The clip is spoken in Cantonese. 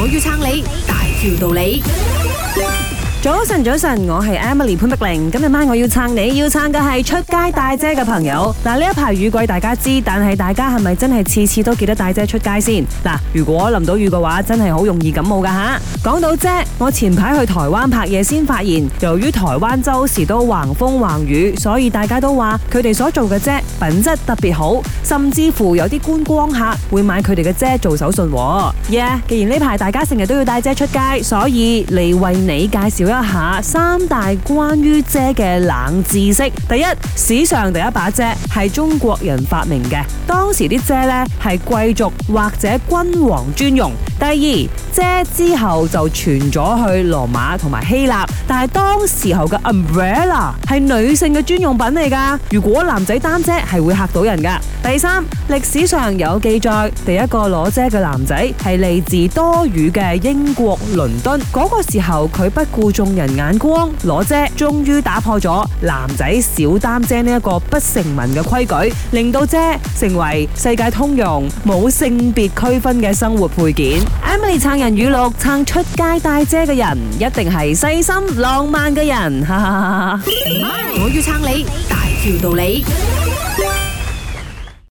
我要撐你，大條道理。早晨，早晨，我係 Emily 潘碧玲。Ling, 今日晚我要撐你，要撐嘅係出街帶遮嘅朋友。嗱，呢一排雨季大家知，但係大家係咪真係次次都記得帶遮出街先？嗱，如果我淋到雨嘅話，真係好容易感冒噶吓。講到遮，我前排去台灣拍嘢先發現，由於台灣周時都橫風橫雨，所以大家都話佢哋所做嘅遮品質特別好，甚至乎有啲觀光客會買佢哋嘅遮做手信。哦。yeah, 既然呢排大家成日都要帶遮出街，所以嚟為你介紹。睇一下三大關於遮嘅冷知識。第一，史上第一把遮係中國人發明嘅，當時啲遮呢係貴族或者君王專用。第二，遮之後就傳咗去羅馬同埋希臘，但係當時候嘅 umbrella 係女性嘅專用品嚟噶，如果男仔擔遮係會吓到人噶。第三，歷史上有記載，第一個攞遮嘅男仔係嚟自多雨嘅英國倫敦，嗰個時候佢不顧眾人眼光攞遮，終於打破咗男仔少擔遮呢一個不成文嘅規矩，令到遮成為世界通用冇性別區分嘅生活配件。你撐人語錄，撐出街帶遮嘅人，一定係細心浪漫嘅人，哈哈哈哈！我要撐你，大笑到你。